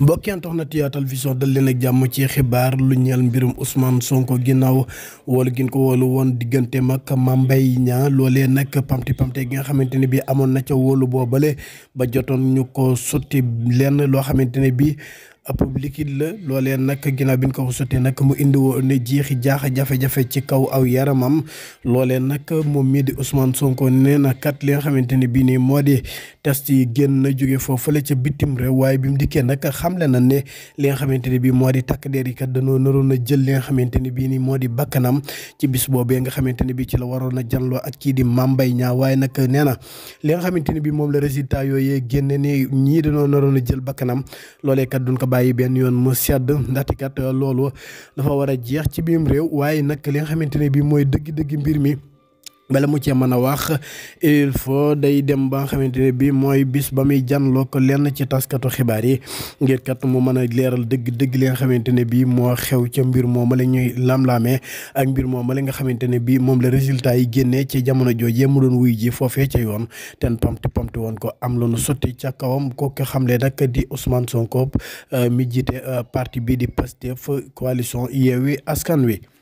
mbokk yi ànd na Yaatal Vision dal leen ak jàmm ci xibaar lu ñeel mbirum Ousmane Sonko ginnaaw wala gin ko woolu woon diggante mag Mame Mbaye Niang loolee nag pamti pamte gi nga xamante ne bii amoon na ca boo bale ba jotoon ñu ko sotti lenn loo xamante ne bii. ab liquide la loolee nag ginnaaw bi ñu ko sottee nag mu indi woon jeexi jaaxa jafe-jafe ci kaw aw yaramam loolee nag moom mii di Ousmane Sonko nee na kat li nga xamante ne bii nii moo di test yi génn na jóge foofule ca bitim réew waaye bi mu dikkee nag xamle na ne li nga xamante ne bii moo di takk der yi kat danoo naroon a jël li nga xamante ne bii nii moo di bakkanam ci bis boobee nga xamante ne bii ci la waroon a janloo ak kii di mambay ñaa waaye nag nee na li nga xamante ne bii moom la résultat yooyee génne ne ñii danoo naroon a jël bakkanam loolee kat duñ bàyyi benn yoon mu sedd ndaxte kat loolu dafa war a jeex ci biim réew waaye nag li nga xamante ne bii mooy dëgg-dëgg mbir mi. bala mu cee mën a wax il faut day dem ba nga xamante ne bii mooy bis ba muy janloo ko lenn ci taskatu xibaar yi ngir kat mu mën a leeral dëgg dëgg li nga xamante ne bii moo xew ca mbir moom la ñuy lamlaamee ak mbir moom la nga xamante ne bii moom la résultat yi génnee ci jamono joojee mu doon wuy ji foofee ca yoon ten pamti pamti woon ko am lu nu sotti ca kawam ko kooku xamle nag di Ousmane Sonko euh, mi jiite euh, partie bi di Pastef coalition Yewwi Askan Wi.